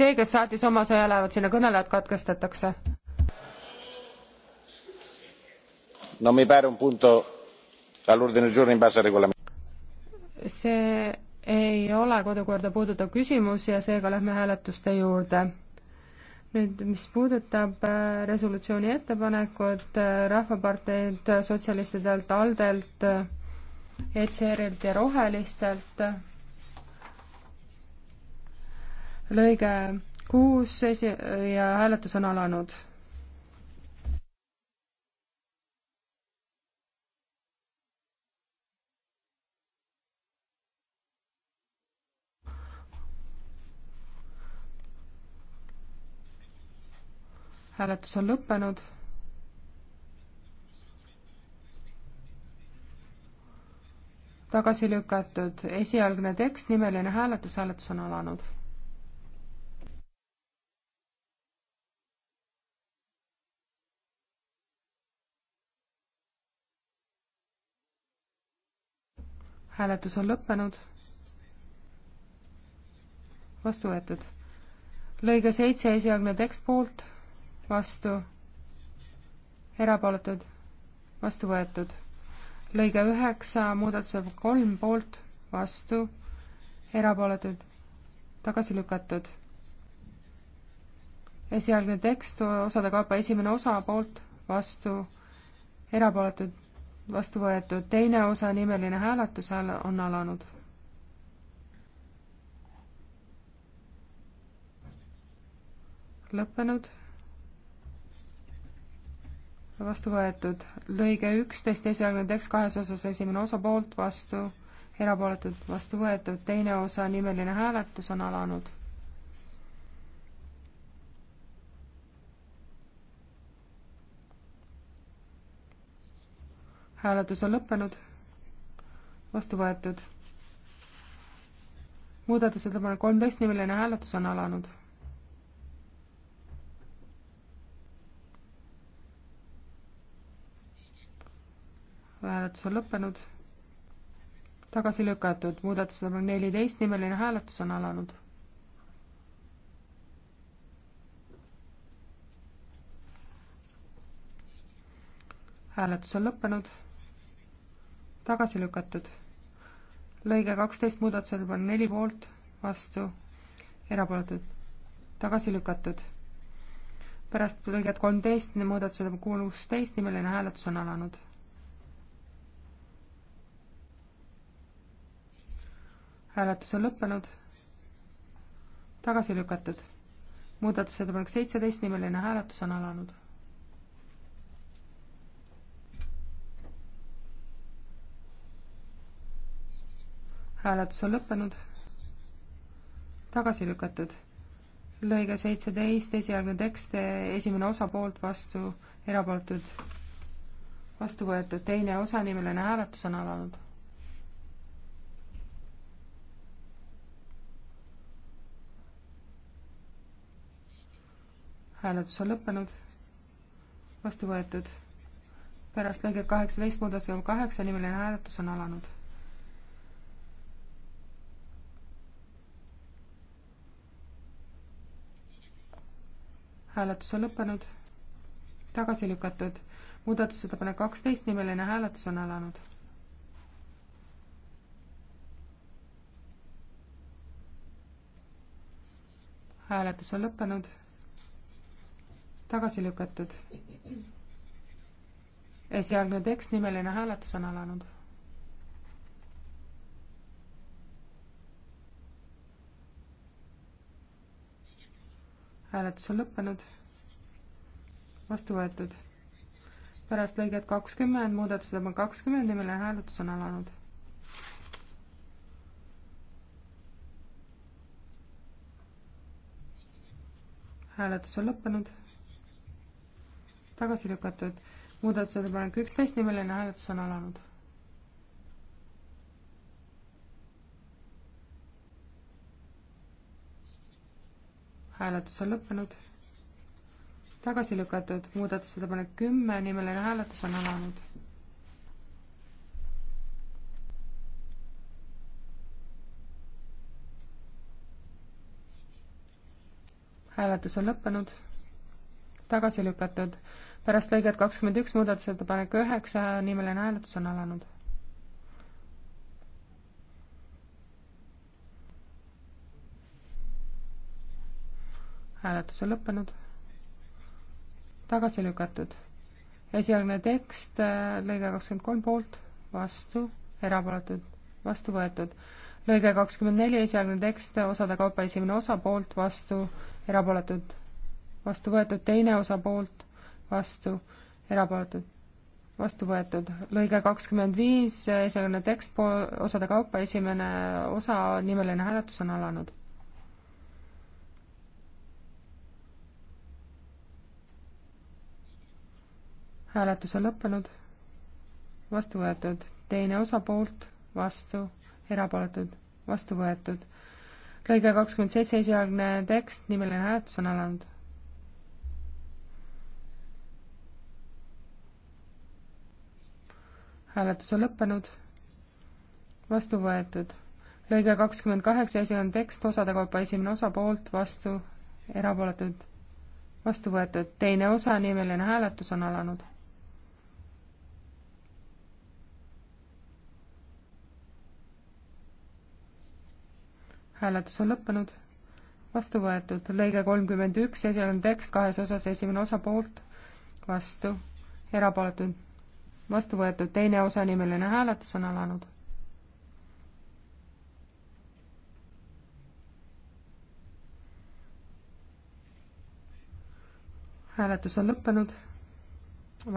see, kes saatis oma sõjaväevad sinna, kõnelejad katkestatakse. no mi pare un punto all'ordine del giorno in base al regolamento. see ei ole kodukorda puudutav küsimus ja seega lähme hääletuste juurde nüüd, mis puudutab äh, resolutsiooni ettepanekut äh, Rahvaparteilt, sotsialistidelt, ALDE-lt, äh, ECR-ilt ja Rohelistelt, lõige kuus esi- ja hääletus on alanud. hääletus on lõppenud. tagasi lükatud esialgne tekst, nimeline hääletus, hääletus on alanud hääletus on lõppenud. vastu võetud. lõige seitse, esialgne tekst poolt, vastu, erapooletud, vastu võetud. lõige üheksa, muudatused kolm poolt, vastu, erapooletud, tagasi lükatud. esialgne tekst osade kaupa esimene osa poolt, vastu, erapooletud, vastu võetud, teine osa nimeline hääletus on alanud. lõppenud. vastu võetud, lõige üksteist, esialgne tekst kahes osas, esimene osa poolt, vastu, erapooletud, vastu võetud, teine osa nimeline hääletus on alanud hääletus on lõppenud, vastu võetud. muudatusettepanek kolmteist, nimeline hääletus on alanud. hääletus on lõppenud, tagasi lükatud, muudatusettepanek neliteist, nimeline hääletus on alanud. hääletus on lõppenud tagasi lükatud. lõige kaksteist muudatusettepanek neli poolt, vastu, erapooletud, tagasi lükatud. pärast lõiget kolmteist muudatusettepanek kuusteist nimeline hääletus on alanud. hääletus on lõppenud, tagasi lükatud. muudatusettepanek seitseteist nimeline hääletus on alanud hääletus on lõppenud. tagasi lükatud. lõige seitseteist, esialgne tekst, esimene osa poolt, vastu, erapooletud, vastu võetud, teine osa, nimeline hääletus on alanud. hääletus on lõppenud, vastu võetud. pärast lõiget kaheksateist muudatusettepanek kaheksa, nimeline hääletus on alanud hääletus on lõppenud, tagasi lükatud. muudatusettepanek kaksteist, nimeline hääletus on alanud. hääletus on lõppenud, tagasi lükatud. esialgne tekst, nimeline hääletus on alanud hääletus on lõppenud. vastu võetud. pärast lõiget kakskümmend, muudatusettepanek kakskümmend, nimeline hääletus on alanud. hääletus on lõppenud. tagasi lükatud. muudatusettepanek üksteist, nimeline hääletus on alanud hääletus on lõppenud. tagasi lükatud muudatusettepanek kümme, nimeline hääletus on alanud. hääletus on lõppenud, tagasi lükatud. pärast lõiget kakskümmend üks muudatusettepanek üheksa, nimeline hääletus on alanud hääletus on lõppenud. tagasi lükatud. esialgne tekst, äh, lõige kakskümmend kolm poolt, vastu, erapooletud, vastu võetud. lõige kakskümmend neli, esialgne tekst, osade kaupa esimene osa poolt, vastu, erapooletud, vastu võetud, teine osa poolt, vastu, erapooletud vastu võetud. lõige kakskümmend viis, esialgne tekst osade kaupa, esimene osa, nimeline hääletus on alanud. hääletus on lõppenud, vastu võetud, teine osa poolt, vastu, erapooletud, vastu võetud. lõige kakskümmend seitse, esialgne tekst, nimeline hääletus on alanud. hääletus on lõppenud, vastu võetud. lõige kakskümmend kaheksa, esialgne tekst, osade kaupa esimene osa poolt, vastu, erapooletud, vastu võetud. teine osa, nimeline hääletus on alanud hääletus on lõppenud, vastu võetud. lõige kolmkümmend üks, esialgne tekst kahes osas, esimene osa poolt, vastu, erapooletud, vastu võetud. teine osa, nimeline hääletus on alanud hääletus on lõppenud,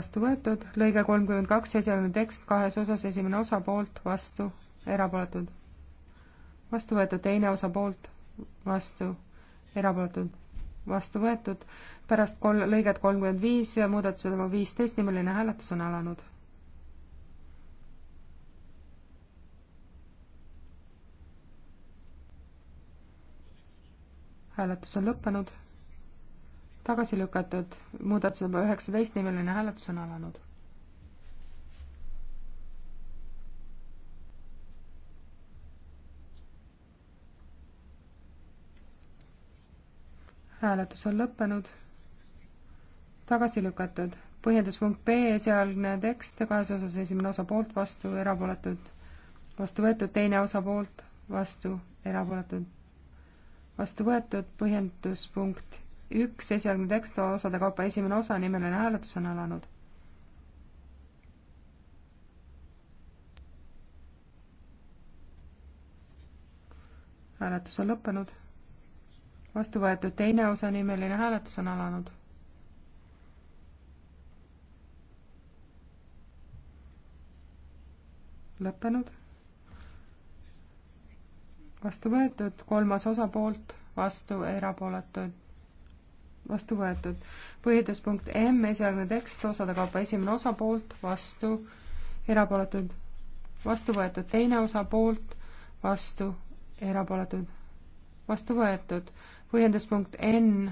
vastu võetud, lõige kolmkümmend kaks, esialgne tekst kahes osas, esimene osa poolt, vastu, erapooletud, vastu võetud, teine osa poolt, vastu, erapooletud, vastu võetud, pärast kol-, lõiget kolmkümmend viis ja muudatused on viisteist, nimeline hääletus on alanud. hääletus on lõppenud, tagasi lükatud, muudatus number üheksateist, nimeline hääletus on alanud hääletus on lõppenud, tagasi lükatud. põhjenduspunkt B, esialgne tekst kahes osas, esimene osa poolt, vastu, erapooletud, vastu võetud, teine osa poolt, vastu, erapooletud, vastu võetud, põhjenduspunkt üks, esialgne tekst osade kaupa, esimene osa, nimeline hääletus on alanud hääletus on lõppenud vastu võetud teine osa nimeline hääletus on alanud. lõppenud. vastu võetud, kolmas osapoolt, vastu, erapooletud, vastu võetud. põhjenduspunkt M, esialgne tekst, osade kaupa esimene osapoolt, vastu, erapooletud, vastu võetud, teine osapoolt, vastu, erapooletud, vastu võetud põhjenduspunkt N,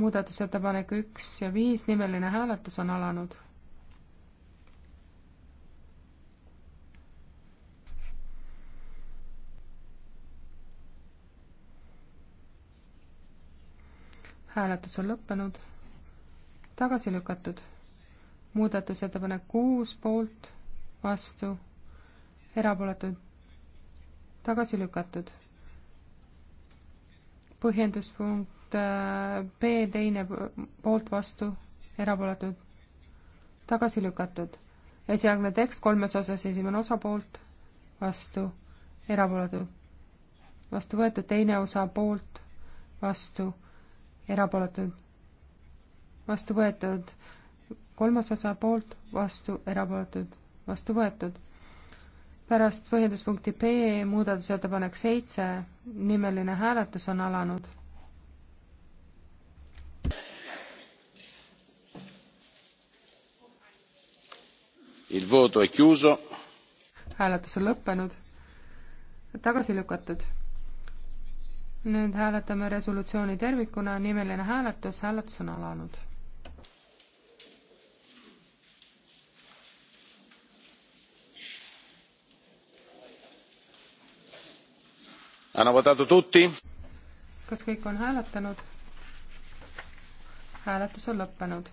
muudatusettepanek üks ja viis, nimeline hääletus on alanud. hääletus on lõppenud, tagasi lükatud. muudatusettepanek kuus poolt, vastu, erapooletud, tagasi lükatud põhjenduspunkt äh, B teine poolt vastu, erapooletud, tagasi lükatud. esialgne tekst kolmes osas, esimene osa poolt, vastu, erapooletud, vastu võetud, teine osa poolt, vastu, erapooletud, vastu võetud, kolmas osa poolt, vastu, erapooletud, vastu võetud pärast põhjenduspunkti B muudatusettepanek seitse nimeline hääletus on alanud. Il voto è chiuso. hääletus on lõppenud, tagasi lükatud. nüüd hääletame resolutsiooni tervikuna, nimeline hääletus, hääletus on alanud hanno votato tutti? kas kõik on hääletanud? hääletus on lõppenud.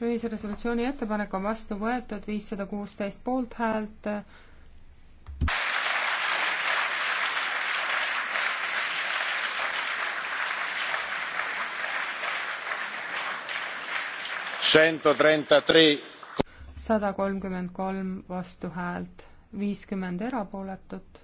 ühise resolutsiooni ettepanek on vastu võetud viissada kuusteist poolthäält. sada kolmkümmend kolm vastuhäält viiskümmend erapooletut